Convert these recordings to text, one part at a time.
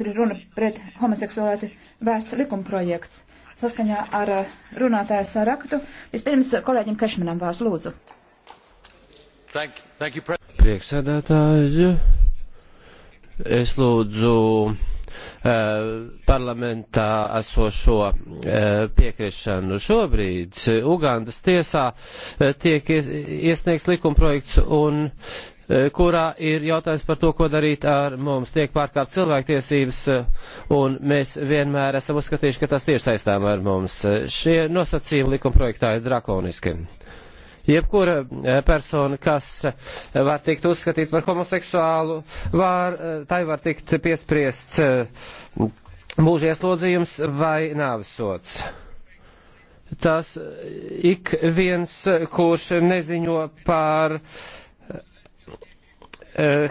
Tur ir runa pret homoseksualitāti vērsts likumprojekts. Saskaņā ar eh, runātāju saraktu. Vispirms kolēģim Kešmanam vārds lūdzu. Thank, thank you, Priekšsēdētāji, es lūdzu eh, parlamentā esošo eh, piekrišanu. Šobrīd Ugandas tiesā tiek iesniegts likumprojekts un E, kurā ir jautājums par to, ko darīt ar mums. Tiek pārkāpt cilvēktiesības, e, un mēs vienmēr esam uzskatījuši, ka tas tieši saistām ar mums. E, šie nosacījumi likuma projektā ir drakoniski. Jebkura persona, kas var tikt uzskatīt par homoseksuālu, var, tai var tikt piespriests mūža ieslodzījums vai nāvisots. Tas ik viens, kurš neziņo par uh, Eh,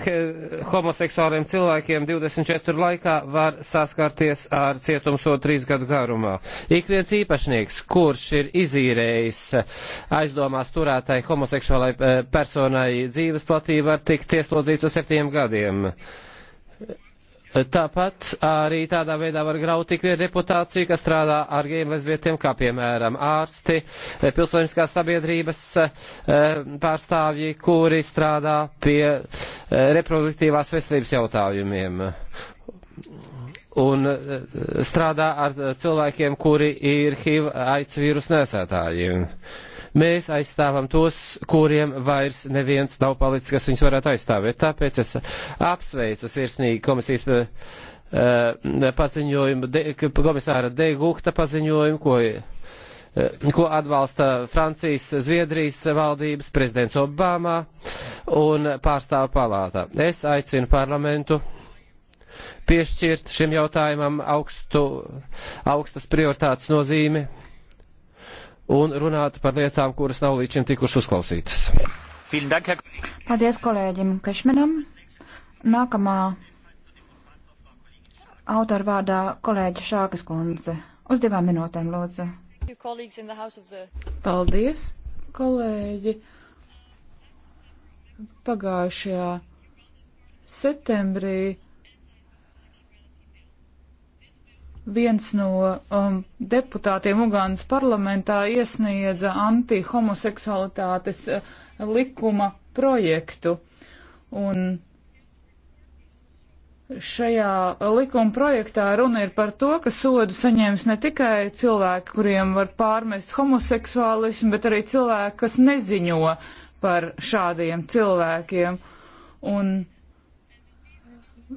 homoseksuāliem cilvēkiem 24 laikā var saskarties ar cietumsodu 3 gadu garumā. Ik viens īpašnieks, kurš ir izīrējis eh, aizdomās turētai homoseksuālai eh, personai dzīves platību, var tikt ieslodzīts uz 7 gadiem. Uh, Tāpat arī tādā veidā var graut tik vien reputāciju, kas strādā ar gejiem lesbietiem, kā piemēram ārsti, pilsoniskās sabiedrības eh, pārstāvji, kuri strādā pie eh, reproduktīvās veselības jautājumiem un eh, strādā ar cilvēkiem, kuri ir HIV aids vīrus nesētāji. Mēs aizstāvam tos, kuriem vairs neviens nav palicis, kas viņus varētu aizstāvēt. Tāpēc es apsveicu sirsnīgi komisijas eh, eh, paziņojumu, de, komisāra De Gukta paziņojumu, ko eh, ko atbalsta Francijas, Zviedrijas valdības prezidents Obama un pārstāvu palātā. Es aicinu parlamentu piešķirt šim jautājumam augstu, augstas prioritātes nozīmi un runāt par lietām, kuras nav līdz šim tikušas uzklausītas. Paldies kolēģim Kašmenam. Nākamā autora vārdā kolēģa Šākas kundze. Uz divām minūtēm, lūdzu. Paldies, kolēģi. Pagājušajā septembrī viens no um, deputātiem Ugānas parlamentā iesniedza antihomoseksualitātes uh, likuma projektu. Un šajā likuma projektā runa ir par to, ka sodu saņems ne tikai cilvēki, kuriem var pārmest homoseksuālismu, bet arī cilvēki, kas neziņo par šādiem cilvēkiem. Un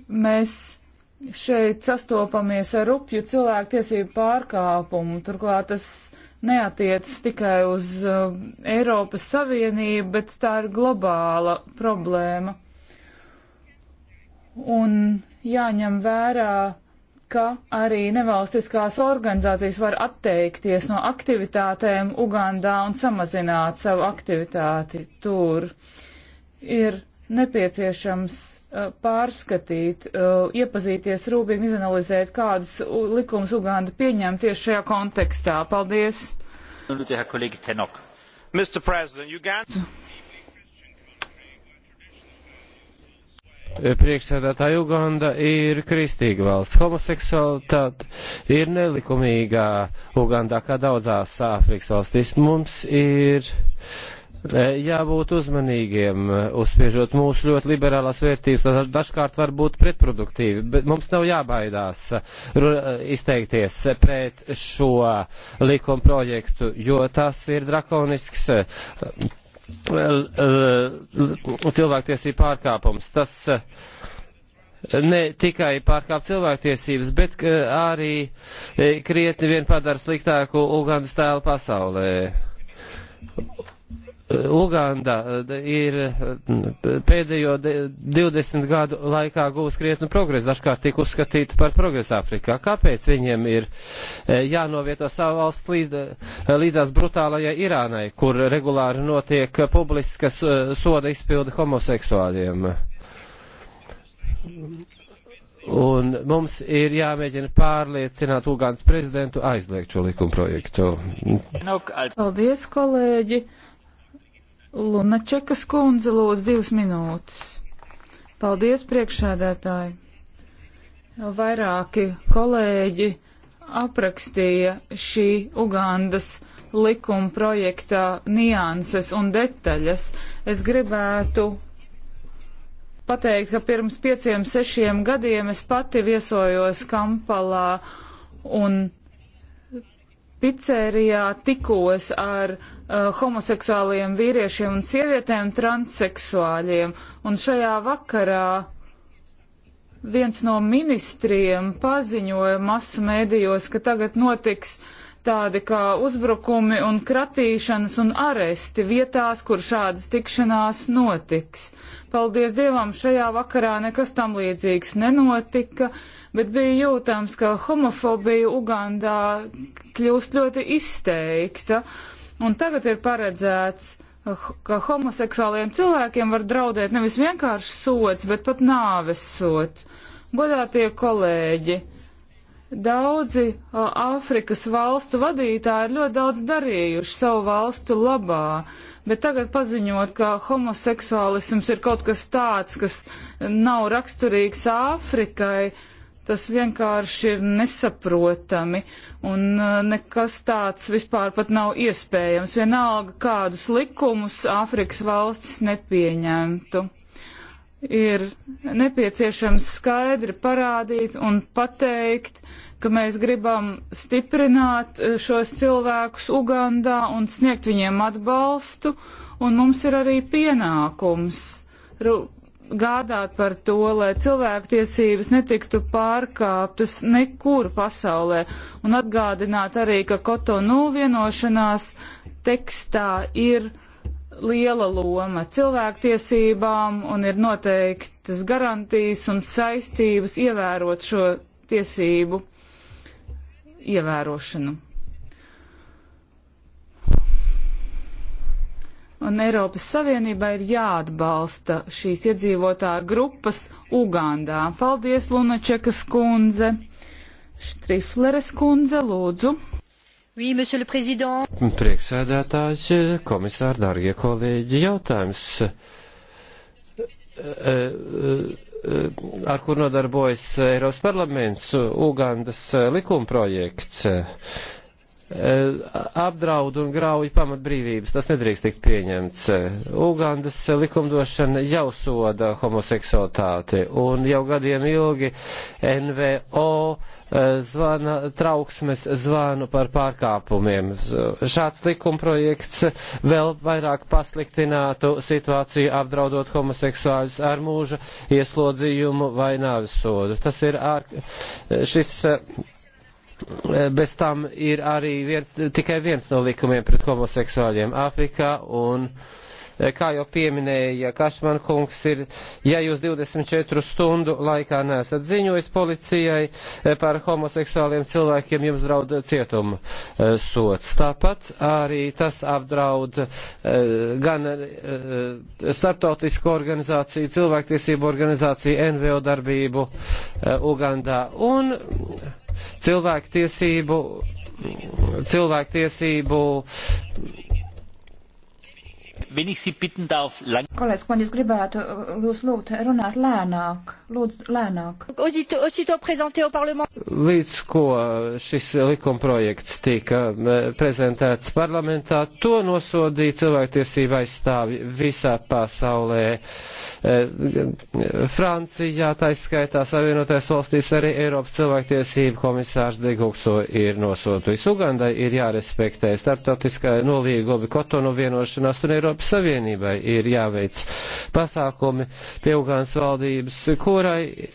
mēs šeit sastopamies ar rupju cilvēku tiesību pārkāpumu. Turklāt tas neatiecas tikai uz uh, Eiropas Savienību, bet tā ir globāla problēma. Un jāņem vērā, ka arī nevalstiskās organizācijas var atteikties no aktivitātēm Ugandā un samazināt savu aktivitāti tur. Ir nepieciešams Uh, pārskatīt, uh, iepazīties rūpīgi, izanalizēt, kādas likumas Uganda pieņem tieši šajā kontekstā. Paldies! Priekšsēdētāja Uganda ir kristīga valsts. Homoseksualitāte ir nelikumīgā Ugandā, kā daudzās Āfrikas valstīs. Mums ir Eh, jābūt uzmanīgiem, eh, uzspiežot mūsu ļoti liberālās vērtības, tas dažkārt var būt pretproduktīvi, bet mums nav jābaidās eh, izteikties pret šo likuma projektu, jo tas ir drakonisks cilvēktiesību pārkāpums. Tas ne tikai pārkāp cilvēktiesības, bet arī krietni vien padara sliktāku Ugandas tēlu pasaulē. Uganda eh, ir eh, pēdējo 20 gadu laikā gūs krietnu progresu, dažkārt tiek uzskatīta par progresu Afrikā. Kāpēc viņiem ir eh, jānovieto savu valsts līd, līdzās brutālajai Irānai, kur regulāri notiek publiskas soda izpildi homoseksuāļiem? Un mums ir jāmēģina pārliecināt Ugandas prezidentu aizliegt šo likumprojektu. Paldies, kolēģi! Lunačekas kundze lūdz divas minūtes. Paldies, priekšsēdētāji. Vairāki kolēģi aprakstīja šī Ugandas likuma projekta nianses un detaļas. Es gribētu pateikt, ka pirms pieciem, sešiem gadiem es pati viesojos Kampalā un picerijā tikos ar uh, homoseksuāliem vīriešiem un sievietēm, transseksuāļiem. Un šajā vakarā viens no ministriem paziņoja masu mēdījos, ka tagad notiks uh, tādi kā uzbrukumi un kratīšanas un aresti vietās, kur šādas tikšanās notiks. Paldies Dievam, šajā vakarā nekas tam līdzīgs nenotika, bet bija jūtams, ka homofobija Ugandā kļūst ļoti izteikta, un tagad ir paredzēts, ka homoseksuāliem cilvēkiem var draudēt nevis vienkārši sots, bet pat nāves sots. Godātie kolēģi! Daudzi Āfrikas valstu vadītāji ir ļoti daudz darījuši savu valstu labā, bet tagad paziņot, ka homoseksuālisms ir kaut kas tāds, kas nav raksturīgs Āfrikai, tas vienkārši ir nesaprotami un nekas tāds vispār pat nav iespējams, vienalga kādus likumus Āfrikas valstis nepieņemtu ir nepieciešams skaidri parādīt un pateikt, ka mēs gribam stiprināt eh, šos cilvēkus Ugandā un sniegt viņiem atbalstu, un mums ir arī pienākums gādāt par to, lai cilvēktiesības netiktu pārkāptas nekur pasaulē, un atgādināt arī, ka Kotonu vienošanās tekstā ir liela loma cilvēktiesībām un ir noteiktas garantijas un saistības ievērot šo tiesību ievērošanu. Un Eiropas Savienībā ir jāatbalsta šīs iedzīvotāju grupas Ugandā. Paldies, Lunačekas kundze! Štrifleres kundze, lūdzu! Oui, monsieur le président. Priekšsēdētājs, komisāri, dārgie kolēģi, jautājums, eh, eh, ar kur nodarbojas Eiropas parlaments, Ugandas eh, likumprojekts. Eh, apdraud un grauj pamatbrīvības. Tas nedrīkst tikt pieņemts. Ugandas likumdošana jau soda homoseksualitāti un jau gadiem ilgi NVO eh, zvana, trauksmes zvanu par pārkāpumiem. Šāds likumprojekts vēl vairāk pasliktinātu situāciju apdraudot homoseksuāļus ar mūža ieslodzījumu vai nāvis sodu. Tas ir ār, šis eh, bez tam ir arī viens, tikai viens no likumiem pret homoseksuāļiem Āfrikā un e, kā jau pieminēja Kašman kungs, ir, ja jūs 24 stundu laikā nesat ziņojis policijai e, par homoseksuāliem cilvēkiem, jums draud cietuma e, sots. Tāpat arī tas apdraud gan starptautisko organizāciju, cilvēktiesību organizāciju, NVO darbību Ugandā. Un cilvēku tiesību, cilvēku tiesību Kolēģis, man jūs gribētu uh, jūs lūgt runāt lēnāk, lūdzu lēnāk. Līdz ko šis likumprojekts tika prezentēts parlamentā, to nosodīja cilvēktiesība aizstāvi visā pasaulē. Eh, Francijā, taiskaitā Savienotais valstīs arī Eiropas cilvēktiesība komisārs Digukso ir nosodījis. Ugandai ir jārespektē starptautiskai nolīgumi Kotonu vienošanās un ir Eiropas Savienībai ir jāveic pasākumi pie Ugānas valdības, kurai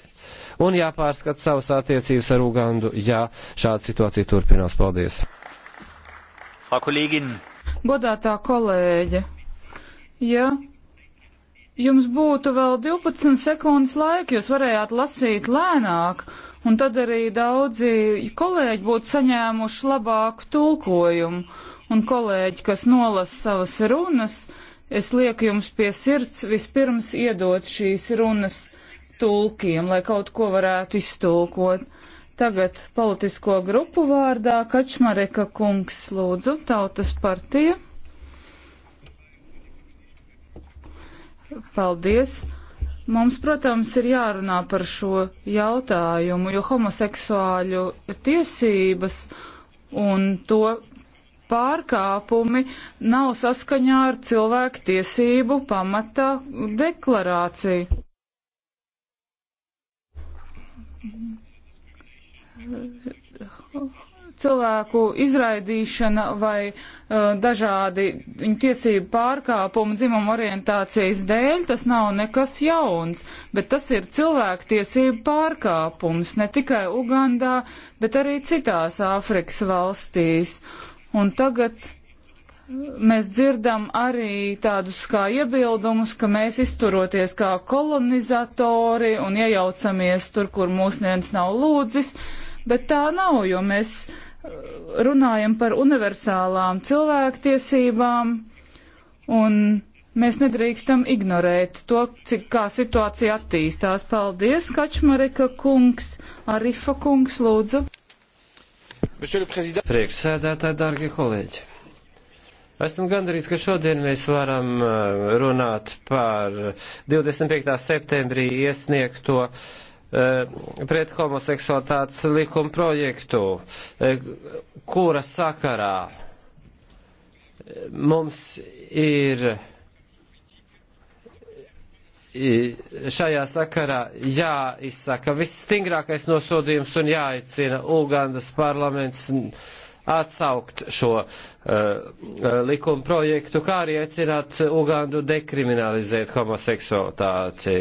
un jāpārskat savas attiecības ar Ugandu, ja šāda situācija turpinās. Paldies! Godātā kolēģe, ja jums būtu vēl 12 sekundes laika, jūs varējāt lasīt lēnāk, un tad arī daudzi kolēģi būtu saņēmuši labāku tulkojumu un kolēģi, kas nolas savas runas, es lieku jums pie sirds vispirms iedot šīs runas tulkiem, lai kaut ko varētu iztulkot. Tagad politisko grupu vārdā Kačmareka kungs lūdzu tautas partija. Paldies! Mums, protams, ir jārunā par šo jautājumu, jo homoseksuāļu tiesības un to pārkāpumi nav saskaņā ar cilvēku tiesību pamatā deklarāciju. Cilvēku izraidīšana vai uh, dažādi viņu tiesību pārkāpumi dzimuma orientācijas dēļ, tas nav nekas jauns, bet tas ir cilvēku tiesību pārkāpums ne tikai Ugandā, bet arī citās Āfrikas valstīs. Uh, Un tagad mēs dzirdam arī tādus kā iebildumus, ka mēs izturoties kā kolonizatori un iejaucamies tur, kur mūs neviens nav lūdzis, bet tā nav, jo mēs uh, runājam par universālām cilvēktiesībām un mēs nedrīkstam ignorēt to, cik kā situācija attīstās. Paldies, Kačmarika kungs, Arifa kungs, lūdzu. Priekšsēdētāji, dārgie kolēģi! Esmu gandarīts, ka šodien mēs varam uh, runāt par 25. septembrī iesniegto uh, pret homoseksualitātes likuma projektu, uh, kura sakarā mums ir šajā sakarā jāizsaka visstingrākais nosodījums un jāicina Ugandas parlaments atsaukt šo uh, eh, likuma projektu, kā arī aicināt Ugandu dekriminalizēt homoseksualitāti.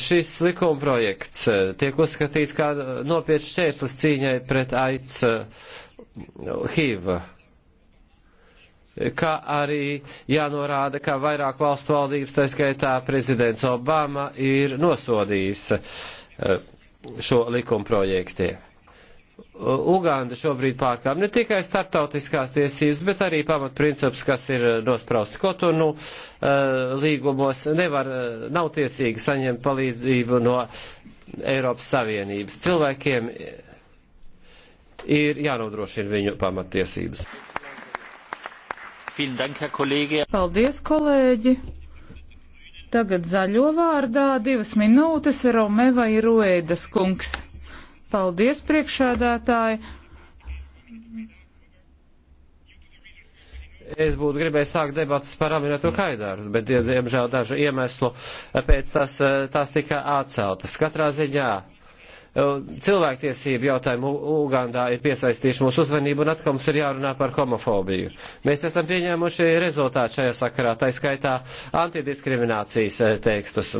Šis likuma projekts eh, tiek uzskatīts kā nopietns šķērslis cīņai pret AIDS uh, HIV kā arī jānorāda, ka vairāk valstu valdības, tā skaitā prezidents Obama, ir nosodījis e, šo likumprojektie. Uganda šobrīd pārkāp ne tikai startautiskās tiesības, bet arī pamatprincips, kas ir nosprausti Kotonu e, līgumos, nevar, e, nav tiesīgi saņemt palīdzību no Eiropas Savienības. Cilvēkiem ir jānodrošina viņu pamattiesības. Paldies, kolēģi! Tagad zaļo vārdā divas minūtes Romeva ir Ruēdas kungs. Paldies, priekšādātāji! es būtu gribējis sākt debatas par Aminoto Haidāru, bet, diemžēl, dažu iemeslu pēc tas, tas tika atceltas. Katrā ziņā cilvēktiesību jautājumu Ugandā ir piesaistījuši mūsu uzmanību un atkal mums ir jārunā par homofobiju. Mēs esam pieņēmuši rezultātu šajā sakarā, tā skaitā antidiskriminācijas e, tekstus.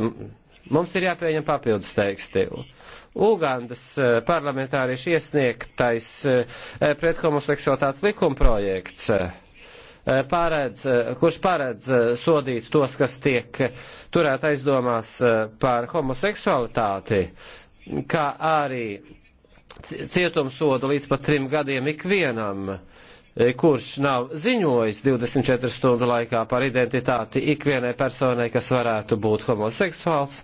Mums ir jāpieņem papildus teksti. Ugandas e, parlamentārieši iesniegtais e, pret homoseksualitātes likumprojekts paredz, kurš paredz sodīt tos, kas tiek turēt aizdomās par homoseksualitāti, kā arī cietumsodu līdz pat trim gadiem ikvienam, e, kurš nav ziņojis 24 stundu laikā par identitāti ikvienai personai, kas varētu būt homoseksuāls,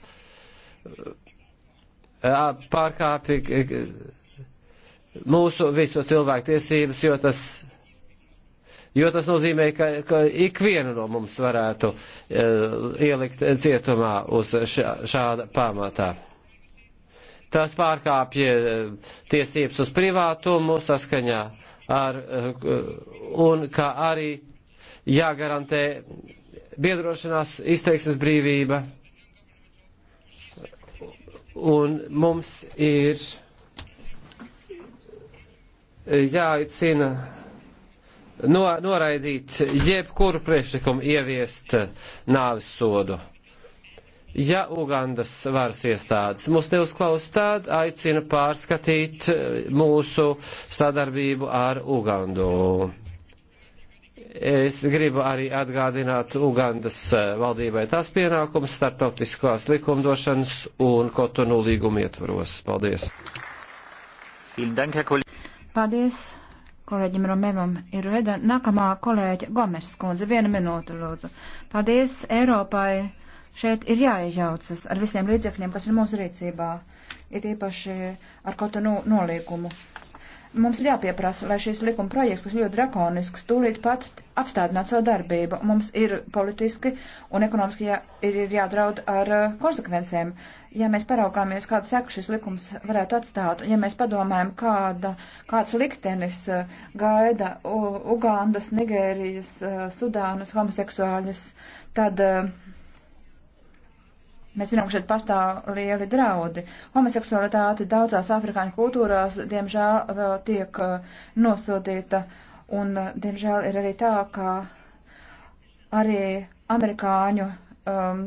e, pārkāpi e, mūsu visu cilvēku tiesības, jo tas jo tas nozīmē, ka, ka ikvienu no mums varētu uh, ielikt cietumā uz šā, šāda pamatā. Tas pārkāpja eh, tiesības uz privātumu saskaņā ar, eh, un kā arī jāgarantē biedrošanās izteiksmes brīvība. Un mums ir jāicina no, noraidīt jebkuru priekšlikumu ieviest nāvis sodu. Ja Ugandas varas iestādes mūs neuzklaus, tad aicina pārskatīt eh, mūsu sadarbību ar Ugandu. Es gribu arī atgādināt Ugandas eh, valdībai tās pienākums startautiskās likumdošanas un kotonu līguma ietvaros. Paldies! Paldies! kolēģim Romevam ir reda. Nākamā kolēģa Gomes skundze, viena minūte lūdzu. Paldies Eiropai Šeit ir jāiejaucas ar visiem līdzekļiem, kas ir mūsu rīcībā, it īpaši ar kaut kādu no, nolīgumu. Mums ir jāpieprasa, lai šīs likuma projekts, kas ļoti drakonisks, tūlīt pat apstādinātu savu darbību. Mums ir politiski un ekonomiski jā, ir, ir jādraud ar uh, konsekvencēm. Ja mēs paraugāmies, kāda seka šis likums varētu atstāt, ja mēs padomājam, kāda, kāds liktenis uh, gaida U Ugandas, Nigērijas, uh, Sudānas homoseksuāļus, tad. Uh, Mēs zinām, ka šeit pastāv lieli draudi. Homoseksualitāte daudzās afrikāņu kultūrās, diemžēl, vēl tiek uh, nosodīta. Un, uh, diemžēl, ir arī tā, ka arī amerikāņu um,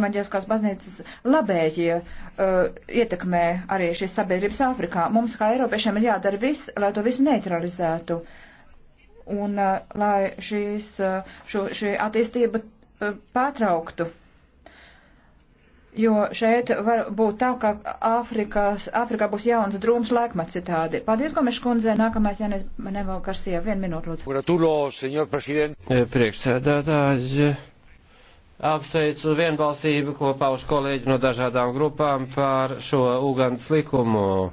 evaņģēliskās baznīcas labējie uh, ietekmē arī šīs sabiedrības Āfrikā. Mums, kā Eiropiešiem, ir jādara viss, lai to visu neutralizētu. Un uh, lai šīs, uh, šo, šī attīstība uh, pārtrauktu jo šeit var būt tā, ka Āfrikas, Āfrikā būs jauns drūms laikmets citādi. Paldies, Gomeša kundze, nākamais Jānis Neval Karsija, vienu minūtu lūdzu. Gratulo, senjor prezident. E, priekšsēdētāji, apsveicu vienbalsību, ko pauž kolēģi no dažādām grupām par šo Ugandas likumu,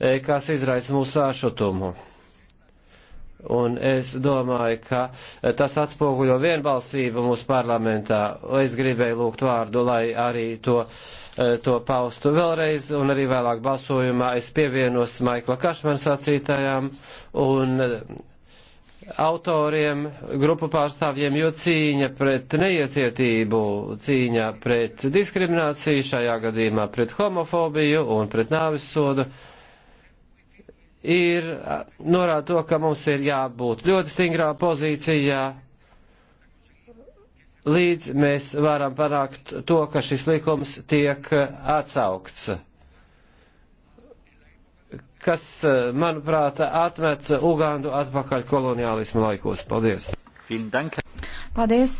e, kas izraisa mūsu sašutumu. Un es domāju, ka tas atspoguļo vienbalsību mūsu parlamentā. Es gribēju lūgt vārdu, lai arī to, eh, to paustu vēlreiz, un arī vēlāk balsojumā es pievienos Maikla Kašmana sacītajām un eh, autoriem, grupu pārstāvjiem, jo cīņa pret neiecietību, cīņa pret diskrimināciju, šajā gadījumā pret homofobiju un pret nāvis sodu ir norāda to, ka mums ir jābūt ļoti stingrā pozīcijā, līdz mēs varam panākt to, ka šis likums tiek atsaukts kas, manuprāt, atmet Ugandu atpakaļ koloniālismu laikos. Paldies! Paldies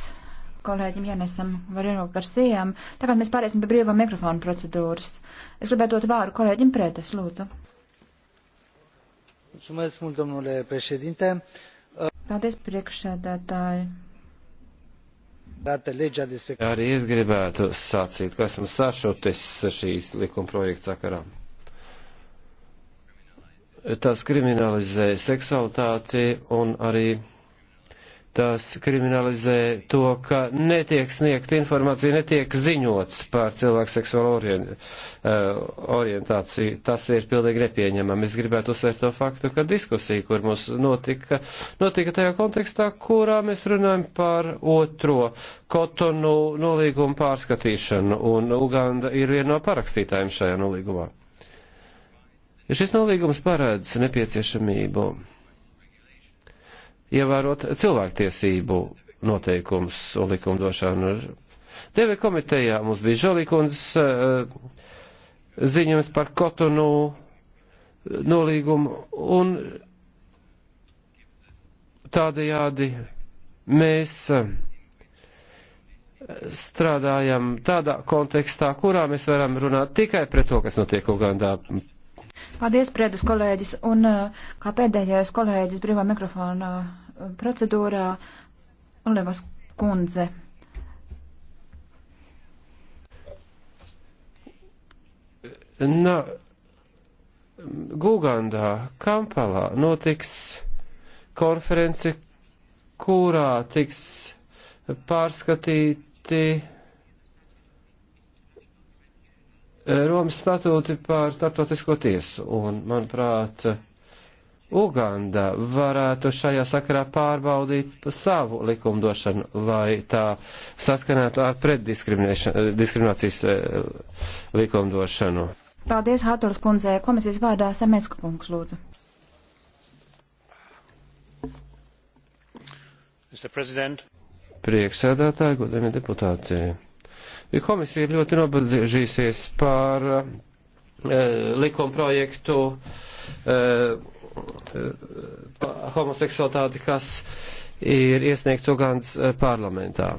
kolēģim Janesam Varino Garcijam. Tagad mēs pāriesim pie brīvā mikrofona procedūras. Es gribētu dot vāru kolēģim Prētas, lūdzu domnule președinte paldies priekšsēdētāji arī es gribētu sacīt, ka esmu sašutis šīs likuma projekta sakarā. Tas kriminalizē seksualitāti un arī tas kriminalizē to, ka netiek sniegta informācija, netiek ziņots par cilvēku seksuālo orien, uh, orientāciju. Tas ir pilnīgi nepieņemami. Es gribētu uzsvērt to faktu, ka diskusija, kur mums notika, notika tajā kontekstā, kurā mēs runājam par otro kotonu nolīgumu pārskatīšanu, un Uganda ir viena no parakstītājiem šajā nolīgumā. Šis nolīgums paredz nepieciešamību ievērot cilvēktiesību noteikumus un likumdošanu. Deve komitejā mums bija Žalīkundas eh, ziņojums par Kotonu eh, nolīgumu un tādējādi mēs eh, strādājam tādā kontekstā, kurā mēs varam runāt tikai pret to, kas notiek Ugandā. Paldies, Prēdas kolēģis, un kā pēdējais kolēģis brīvā mikrofona procedūrā Olevas kundze. Na, Gugandā, Kampalā notiks konference, kurā tiks pārskatīti eh, Romas statūti pār starptautisko tiesu. Un, manuprāt, Uganda varētu šajā sakarā pārbaudīt savu likumdošanu, lai tā saskanētu ar pretdiskriminācijas eh, likumdošanu. Paldies, Hātors kundze. Komisijas vārdā Samecka kungs lūdzu. Prieksēdētāji, godami deputāti. Komisija ir ļoti nobežīsies par uh, likumprojektu uh, homoseksualitāti, kas ir iesniegts Ugandas eh, parlamentā.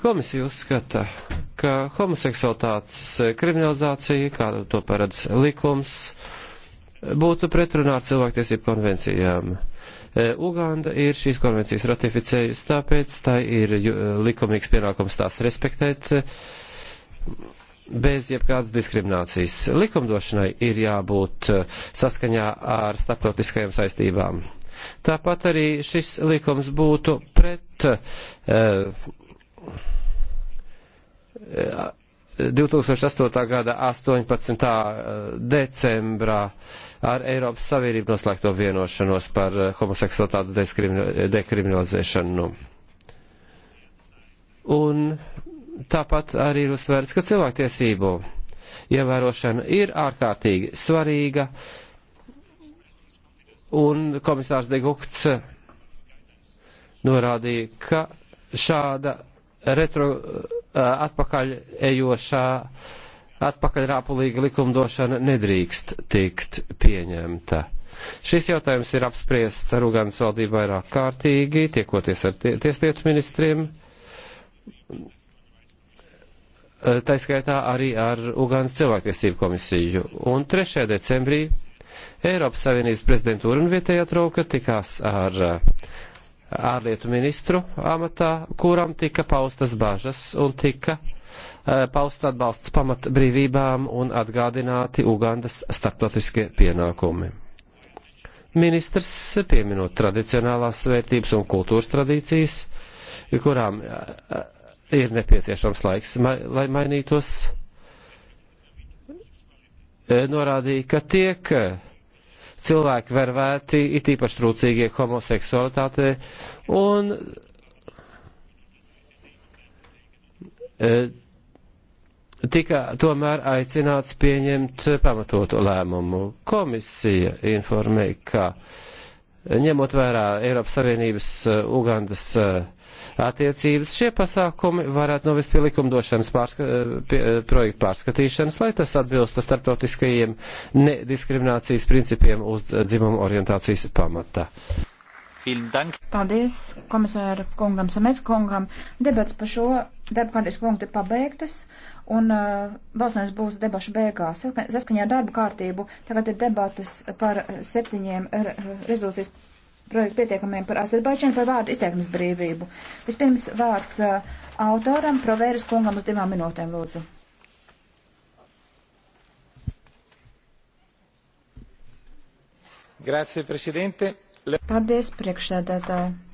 Komisija uzskata, ka homoseksualitātes eh, kriminalizācija, kā to paredz likums, būtu pretrunā ar cilvēktiesību konvencijām. Eh, Uganda ir šīs konvencijas ratificējusi, tāpēc tā ir likumīgs pienākums tās respektēt bez jebkādas diskriminācijas. Likumdošanai ir jābūt eh, saskaņā ar starptautiskajām saistībām. Tāpat arī šis likums būtu pret eh, 2008. gada 18. Eh, decembrā ar Eiropas Savienību noslēgto vienošanos par eh, homoseksualitātes dekriminalizēšanu. Un Tāpat arī ir uzsvērts, ka cilvēktiesību ievērošana ir ārkārtīgi svarīga, un komisārs Degukts norādīja, ka šāda retro atpakaļ ejošā, atpakaļ rāpulīga likumdošana nedrīkst tikt pieņemta. Šis jautājums ir apspriests ar Ugānas valdību vairāk kārtīgi, tiekoties ar tie, tieslietu ministriem. Eh, taiskaitā arī ar Ugānas cilvēktiesību komisiju. Un 3. decembrī Eiropas Savienības prezidentūra un vietējā trauka tikās ar eh, ārlietu ministru amatā, kuram tika paustas bažas un tika eh, pausts atbalsts pamatbrīvībām un atgādināti Ugandas starptautiskie pienākumi. Ministrs, pieminot tradicionālās vērtības un kultūras tradīcijas, kurām ir nepieciešams laiks, ma lai mainītos. E, norādīja, ka tiek cilvēki vervēti, it īpaši trūcīgie homoseksualitātē, un e, tika tomēr aicināts pieņemt pamatotu lēmumu. Komisija informēja, ka ņemot vērā Eiropas Savienības e, Ugandas uh, attiecības. Šie pasākumi varētu novest pie likumdošanas pārska, pie, eh, projektu pārskatīšanas, lai tas atbilstu starptautiskajiem nediskriminācijas principiem uz dzimumu orientācijas pamata. Paldies komisāra kungam Samecskungam. Debats par šo darba kārtības punktu ir pabeigtas un uh, eh, balsojums būs debašu beigās. Saskaņā ar darba kārtību tagad ir debatas par septiņiem rezolūcijas projektu pieteikumiem par Azerbaidžanu par vārdu izteiksmes brīvību. Vispirms vārds uh, autoram, provēras kungam uz divām minūtēm, lūdzu. Grazie, prezidente. Paldies, priekšsēdētāji.